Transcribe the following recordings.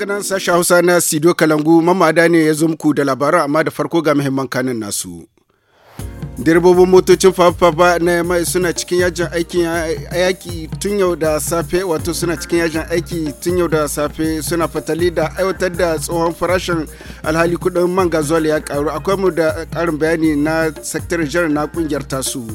daga nan sashen Hausa na Sido Kalangu mamada ne ya zo muku da labaran amma da farko ga muhimman kanin nasu. direbobin motocin fafafa na mai suna cikin yajin aikin yaki tun yau da safe wato suna cikin yajin aiki tun yau da safe suna fatali da aiwatar da tsohon farashin alhali kudin man gazuwal ya karu akwai mu da karin bayani na sakataren jihar na kungiyar tasu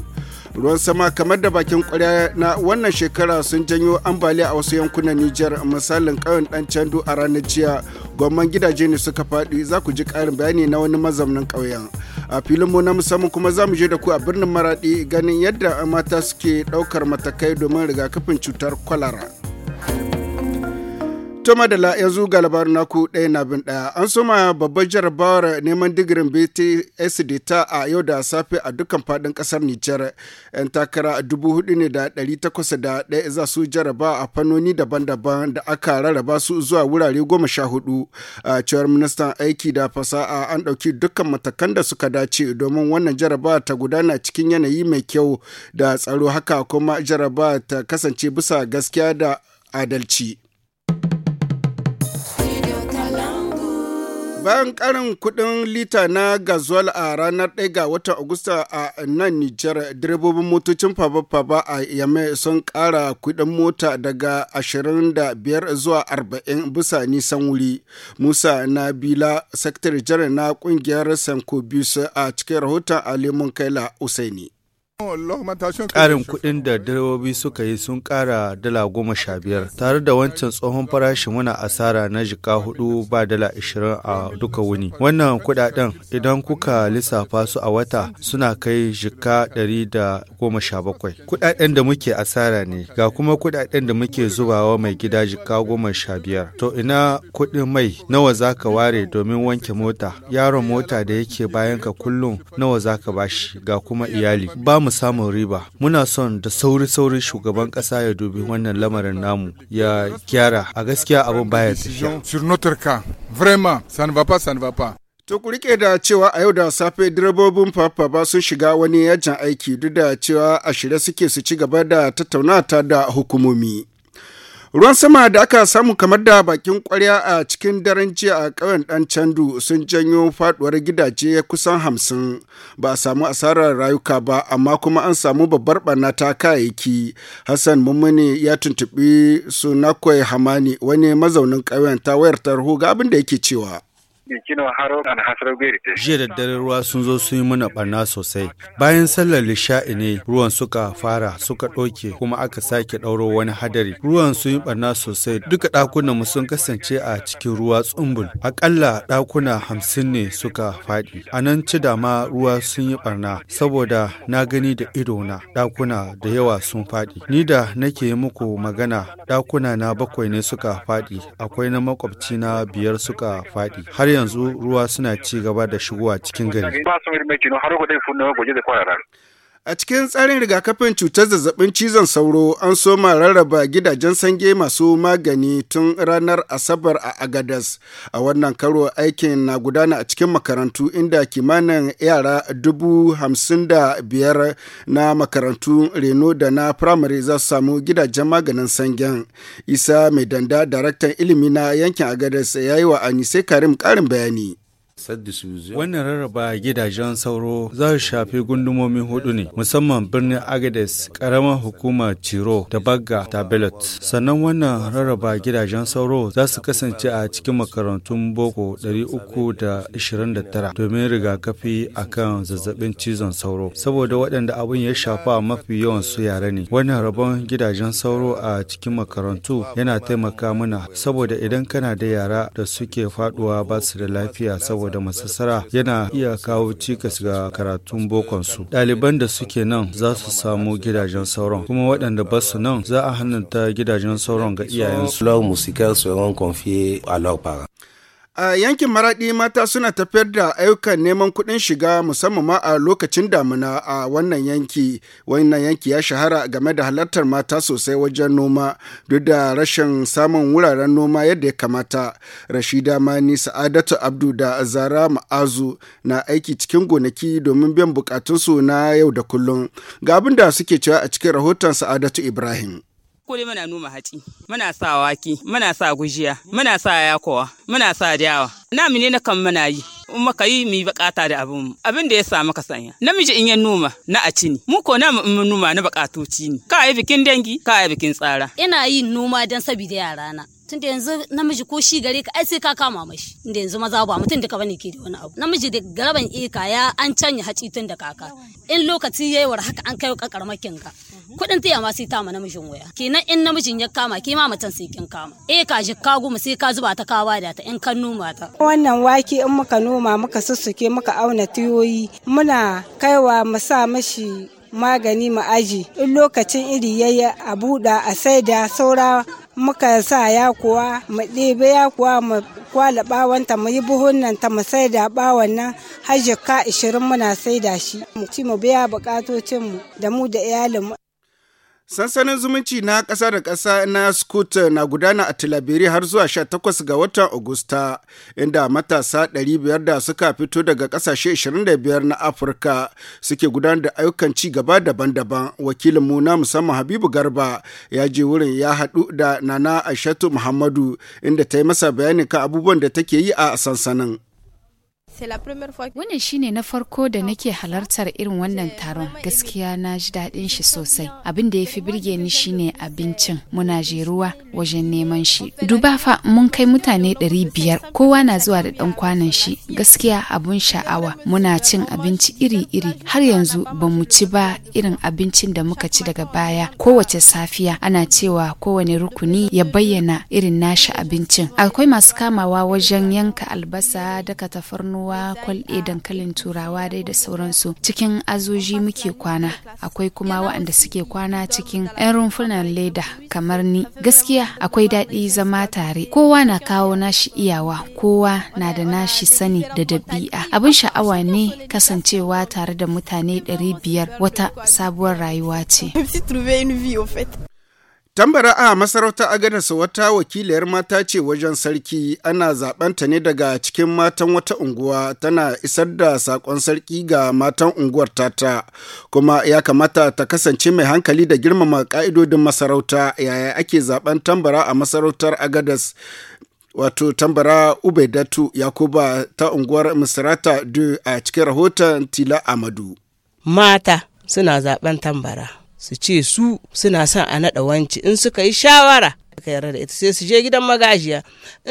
ruwan sama kamar da bakin kwarya na wannan shekara sun janyo ambaliya a wasu yankunan Nijar misalin ƙauyen ɗan Candu a ranar jiya gwamman gidaje ne suka faɗi za ku ji ƙarin bayani na wani mazaunin ƙauyen a filin mu na musamman kuma za mu je da ku a birnin maraɗi ganin yadda mata suke ɗaukar matakai domin rigakafin cutar kwalara. Toma da ya ga labarin naku ɗaya na bin ɗaya. An soma babbar jarabawar neman digirin BTSD ta a yau da safe a dukkan faɗin kasar Nijar. 'Yan takara dubu hudu ne da ɗari takwas da ɗaya za su jaraba a fannoni daban-daban da aka rarraba su zuwa wurare goma sha hudu. A cewar ministan aiki da fasaha an ɗauki dukkan matakan da suka dace domin wannan jaraba ta gudana cikin yanayi mai kyau da tsaro haka kuma jaraba ta kasance bisa gaskiya da adalci. Bayan karin kudin lita na gazuwal a ranar 1 ga watan Agusta a nan Nijar, direbobin motocin faba-faba a Yame sun kara kudin mota daga 25 zuwa 40 bisa nisan wuri. Musa Nabila, Sakatare Jiran na kungiyar Sanko a cikin rahoton Alimun Kaila Usaini. Ƙarin kuɗin da direbobi suka yi sun ƙara dala goma sha biyar tare da wancan tsohon farashin muna asara na jika hudu ba dala ashirin a duka wuni. Wannan kuɗaɗen idan kuka lissafa su a wata suna kai jika ɗari da goma sha bakwai. Kuɗaɗen da muke asara ne ga kuma kuɗaɗen da muke zubawa mai gida jika goma sha biyar. To ina kuɗin mai nawa zaka ware domin wanke mota yaron mota da yake bayan ka kullum nawa zaka ka bashi ga kuma iyali. Ba mu samun riba. Muna son da sauri-sauri shugaban ƙasa ya dubi wannan lamarin namu ya gyara a gaskiya abin baya tafiya. To ku rike da cewa a yau da safe direbobin ba sun shiga wani yajin aiki duk da cewa a shirye suke su ci gaba da tattaunata da hukumomi. Ruwan sama da aka samu kamar da bakin kwarya a cikin daren jiya a ƙauyen dan Candu sun janyo faɗuwar gidaje kusan hamsin ba a samu asarar rayuka ba amma kuma an samu babbar ɓarna ta kayayyaki. Hassan Mummuni ya tuntuɓi Sunakwai Hamani wani mazaunin ƙauyen ta wayar tarho ga abin da yake cewa. Jiya da dare ruwa sun zo sun yi mana barna sosai. Bayan sallar lisha'i ne ruwan suka fara suka ɗauke kuma aka sake ɗauro wani hadari. Ruwan sun yi barna sosai duka ɗakunan mu sun kasance a cikin ruwa tsumbul. Akalla ɗakuna hamsin ne suka faɗi. A nan ci dama ruwa sun yi barna saboda na gani da idona ɗakuna da yawa sun faɗi. Ni da nake muku magana ɗakuna na bakwai ne suka faɗi akwai na makwabci na biyar suka faɗi. Har yanzu ruwa suna ci gaba da shigowa cikin gari. A cikin tsarin rigakafin cutar zazzabin cizon sauro an soma rarraba gidajen sange masu magani tun ranar Asabar a Agadas. A wannan karo aikin na gudana a cikin makarantu inda kimanin yara dubu hamsin da biyar na makarantu reno da na firamare za su samu gidajen maganin sangen. Isa Mai Danda, daraktan ilimi na yankin Agadas ya yi wa Anise Karim ƙarin bayani. Wannan rarraba gidajen sauro za su shafi gundumomi hudu ne, musamman birnin Agades, karamar hukumar Ciro da Bagga da Belot. Sannan wannan rarraba gidajen sauro za su kasance a cikin makarantun boko 329 domin rigakafi a kan zazzabin cizon sauro. Saboda waɗanda abin ya shafa mafi yawan su yare ne. Wannan rabon gidajen sauro a cikin makarantu yana taimaka mana saboda idan kana da yara da suke faduwa ba su da lafiya saboda da masassara yana iya kawo cikas ga karatun bokonsu. Ɗaliban da suke nan za su samu gidajen sauran, kuma waɗanda ba su nan za a hannunta gidajen sauran ga iyayensu. A yankin Maraɗi mata suna tafiyar da ayyukan neman kuɗin shiga musamman ma a lokacin damuna a wannan yanki. Wannan yanki ya shahara game da halartar mata sosai wajen noma duk da rashin samun wuraren noma yadda ya kamata. Rashida Mani Sa'adatu Abdu da Zara Ma'azu na aiki cikin gonaki domin biyan bukatunsu na yau da kullum. Ga abin da suke cewa a cikin rahoton Sa'adatu Ibrahim. ko dai muna noma hatsi muna sa wake muna sa gujiya muna sa yakowa muna sa dawa namu ne na kan mana yi in maka yi mu yi bakata da abin mu abin da ya samu ka sanya namiji in yan noma na a ci ne mu ko na mu noma na bakatoci ne ka yi bikin dangi ka yi bikin tsara ina yin noma don saboda yara na tun da yanzu namiji ko shi gare ka ai sai ka kama mashi da yanzu maza ba mutum da ka bane ke da wani abu namiji da garaban eka ya an canya haci tun da kaka in lokaci yayi war haka an kai ka karmakin ka kuɗin tiya ma sai ta ma namijin waya kenan in namijin ya kama ke ma mutan sai kin kama eh ka ji ka goma sai ka zuba ta kawa da ta in kan noma ta wannan wake in muka noma muka sussuke muka auna tiyoyi muna kaiwa mu sa mashi magani mu aji in lokacin iri yayi a buɗa a saida saura muka sa ya kuwa mu ɗebe ya kuwa mu kwala bawanta mu yi nan ta mu saida bawan nan har jikka ishirin muna saida shi mu ci mu biya bukatocin mu da mu da iyalin mu Sansanin zumunci na ƙasa da ƙasa na Scoot na gudana a Tilabiri har zuwa 18 ga watan Agusta, inda matasa 500 da suka fito daga ƙasashe 25 na Afirka suke gudanar da ayyukan ci gaba daban-daban. Wakilinmu na musamman Habibu Garba ya je wurin ya haɗu da Nana Aishatu Muhammadu inda ta yi masa bayanin kan abubuwan da take yi a sansanin. Wannan shine na farko da nake halartar irin wannan taron gaskiya na ji daɗin shi sosai. Abin da ya fi birge ni shine abincin muna jeruwa wajen neman shi. Duba fa mun kai mutane ɗari biyar kowa na zuwa da ɗan kwanan shi gaskiya abun sha'awa muna cin abinci iri-iri har yanzu ba mu ci ba irin abincin da muka ci daga baya kowace safiya ana cewa kowane rukuni ya bayyana irin nashi abincin. Akwai masu kamawa wajen yanka albasa daka tafarnuwa tafarnuwa kwalɗe dankalin turawa dai da sauransu cikin azoji muke kwana akwai kuma waɗanda suke kwana cikin 'yan rumfunan leda kamar ni gaskiya akwai daɗi zama tare kowa na kawo nashi iyawa kowa na da nashi sani da dabi'a abin sha'awa ne kasancewa tare da mutane 500 wata sabuwar rayuwa ce Tambara a masarautar Agadarsa wata wakiliyar mata ce wajen sarki ana zaɓanta ne daga cikin matan wata unguwa tana isar da sakon sarki ga matan unguwar tata kuma ya kamata ta kasance mai hankali da girmama ka'idodin masarauta yaya ake zaben tambara a masarautar Agadas wato tambara Ubaidatu Yakuba ta unguwar Misrata a cikin rahoton Tila Amadu. Mata suna zaben tambara. su ce su suna son a naɗa wanci in suka yi shawara suka yarda da ita sai su je gidan magajiya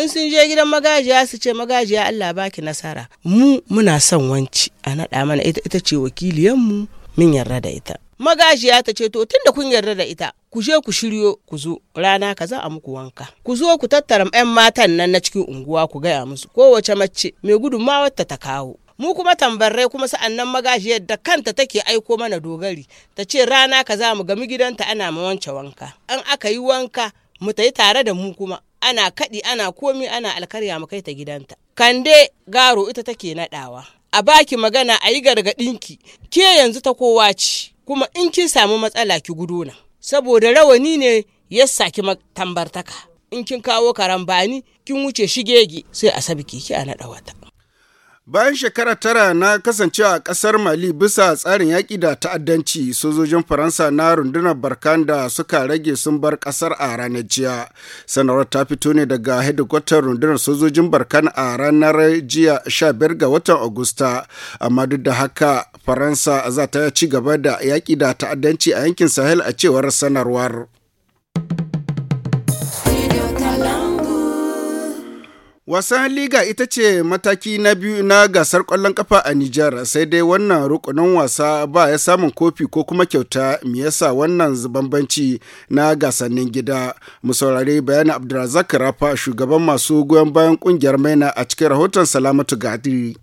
in sun je gidan magajiya su ce magajiya Allah baki nasara mu muna son wanci a naɗa mana ita ita ce wakiliyanmu min yarda da ita magajiya ta ce to tunda kun yarda da ita ku je ku shiryo ku zo rana kaza a muku wanka ku zo ku tattara 'yan matan nan na cikin unguwa ku gaya musu kowace mace mai gudunmawar ta ta kawo mu kuma tambarai kuma sa'annan magajiyar da kanta take aiko mana dogari ta ce rana ka za mu gami gidanta ana ma wance wanka an aka yi wanka mu tayi tare da mu kuma ana kaɗi ana komi ana alkarya mu kai ta gidanta kande garo ita take naɗawa a baki magana a yi gargaɗinki ke yanzu ta kowa ci kuma in kin samu matsala ki gudu na saboda rawani ne ya saki tambartaka in kin kawo karambani kin wuce shigege sai a sabi ki a naɗa wata Bayan shekara tara na kasancewa a ƙasar Mali bisa tsarin yaƙi da ta'addanci, sojojin Faransa na rundunar Barkan da suka rage sun bar ƙasar a ranar jiya. Sanarwar ta fito ne daga hedikwatar rundunar sojojin Barkan a ranar jiya 15 ga watan Agusta. Amma duk da haka Faransa za ta ci gaba da yaƙi da ta'addanci a yankin Sahel a cewar sanarwar. Wasan Liga ita ce mataki na biyu na gasar ƙwallon ƙafa a Nijar, sai dai wannan rukunin wasa ba ya samun kofi ko kuma kyauta me yasa wannan bambanci na gasannin gida. Mu saurari bayan Abdulrazak Rafa shugaban masu goyon bayan ƙungiyar Maina a cikin rahoton Salamatu Gadiri.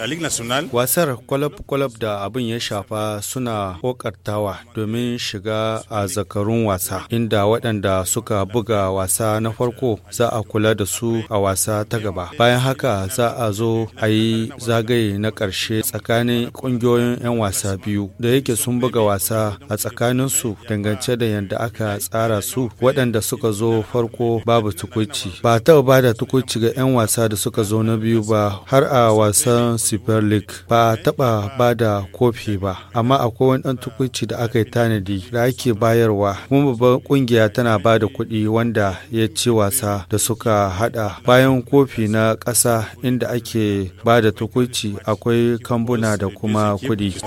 a National. Wasar kwalab-kwalab da abin ya shafa suna kokartawa domin shiga a zakarun wasa, inda waɗanda suka buga wasa na farko za a kula da su a wasa ta gaba. Bayan haka za a zo a yi zagaye na ƙarshe tsakanin ƙungiyoyin 'yan wasa biyu da yake sun buga wasa a tsakaninsu dangance da yadda aka tsara su waɗanda suka zo farko babu tukuci. Ba taɓa ba da tukuci ga 'yan wasa da suka zo na biyu ba har a wasan wasan super league ba a taɓa ba da kofi ba amma akwai wani ɗan tukunci da aka yi tanadi da ake bayarwa kuma babban ƙungiya tana ba da kuɗi wanda ya ci wasa da suka haɗa bayan kofi na ƙasa inda ake ba da tukunci akwai kambuna da kuma kuɗi.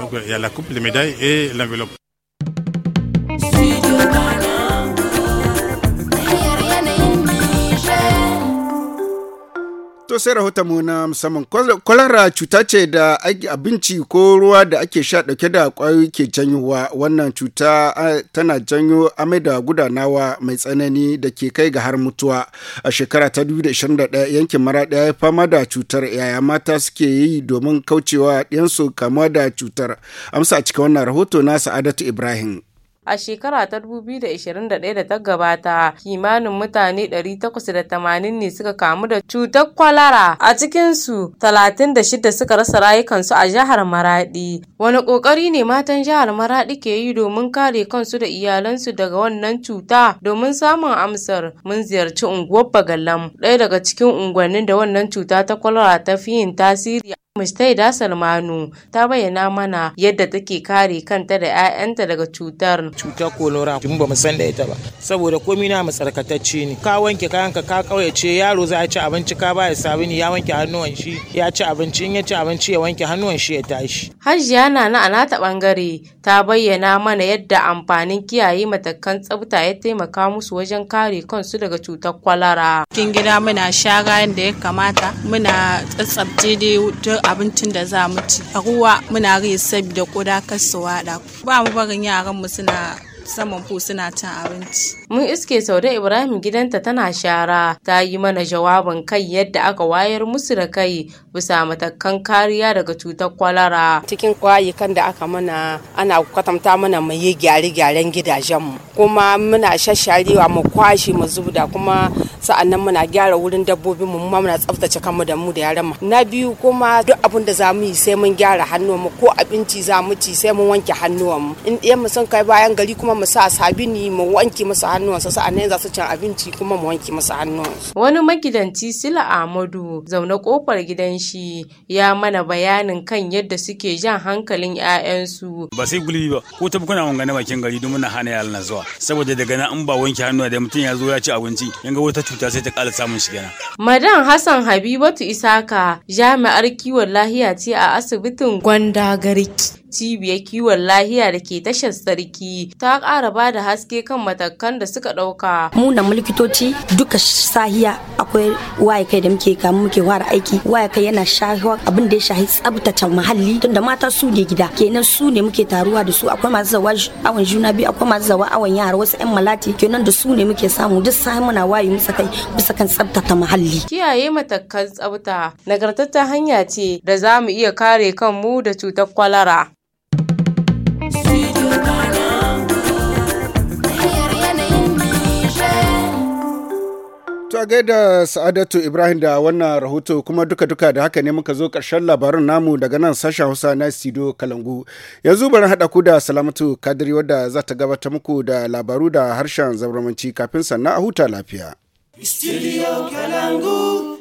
sai rahoton mu na musamman kwalara cuta ce da abinci ko ruwa da ake sha dauke da kwayoyi ke janyowa wannan cuta tana janyo amai da gudanawa mai tsanani da ke kai ga har mutuwa a shekara ta 2021 yankin mara daya ya fama da cutar yaya mata suke yi domin kaucewa ɗiyansu kama da cutar amsa a cikin wannan rahoto na sa'adatu ibrahim A shekara ta 2021 da ta gabata, kimanin mutane 880 ne suka kamu da cutar kwalara, a cikinsu 36 suka rasa rayukansu a jihar Maradi. Wani ƙoƙari ne matan jihar Maradi ke yi domin kare kansu da iyalansu daga wannan cuta domin samun amsar mun ziyarci unguwar Bagalam, ɗaya daga cikin unguwannin da wannan cuta ta kwalara ta fi yin tasiri. Ms. Taida Salmanu ta bayyana mana yadda take kare kanta da 'ya'yanta daga cutar. Cutar kolora tun ba san da ita ba saboda komai na matsarkatacce ne. Ka wanke kayanka ka kauyace yaro za a ci abinci ka ba ya sabuni ya wanke hannuwan shi ya ci abinci in ya ci abinci ya wanke hannuwan shi ya tashi. Hajiya na na anata bangare ta bayyana mana yadda amfanin kiyaye matakan tsafta ya taimaka musu wajen kare kansu daga cutar kwalara. cikin gida muna shara yadda ya kamata muna tsatsabce dai duk abincin da za mu ci ruwa muna rai sabida kuda kasuwa da ba mu barin yaran mu suna saman fu suna cin abinci. Mun iske Saude Ibrahim gidanta tana shara ta yi mana jawabin kai yadda aka wayar musu da kai bisa matakan kariya daga cutar kwalara. Cikin kwayukan da aka mana ana kwatanta mana mu yi gyare-gyaren gidajenmu kuma muna shasharewa mu kwashe mu zubda kuma sa'annan muna gyara wurin dabbobinmu mu muna tsaftace kanmu da mu da yaran mu. Na biyu kuma duk abin da za mu yi sai mun gyara hannuwanmu ko abinci za mu ci sai mun wanke hannuwanmu. In ɗiyan mu sun kai bayan gari kuma mu sa sabini mu wanke musu hannuwansu sa'annan za su cin abinci kuma mu wanke musu hannuwansu. Wani magidanci Sila Ahmadu zaune kofar gidan shi ya mana bayanin kan yadda suke jan hankalin 'ya'yansu. Ba sai gulbi ba ko ta kuna wanga na bakin gari don muna hana na zuwa saboda daga nan in ba wanke hannuwa da mutum ya zo ya ci abinci yanga wata cuta sai ta ƙara samun shi kenan. Madan Hassan Habibatu Isaka jami'ar kiwon lahiya ce a asibitin Gwanda Gariki. cibiyar kiwon lahiya da ke tashar sarki ta kara ba da haske kan matakan da suka ɗauka. mu da duka sahiya akwai waye kai da muke kamu muke wara aiki waye kai yana shahiwa abin da ya shahi tsabtace muhalli tunda mata su ne gida kenan su ne muke taruwa da su akwai masu zawa awon juna biyu akwai masu zawa awon yara wasu yan malati kenan da su ne muke samu duk sai muna waye musu kai bisa kan tsabtace muhalli. kiyaye matakan tsabta ta hanya ce da za mu iya kare kanmu da cutar kwalara. To gaida Sa'adatu Ibrahim da wannan rahoto kuma duka-duka da haka ne muka zo karshen labarin namu daga nan sashen Hausa na Sido Kalangu. Yanzu bari haɗa ku da Salamatu Kadiri wadda za ta gabatar muku da labaru da harshen zauramanci kafin sannan a huta lafiya.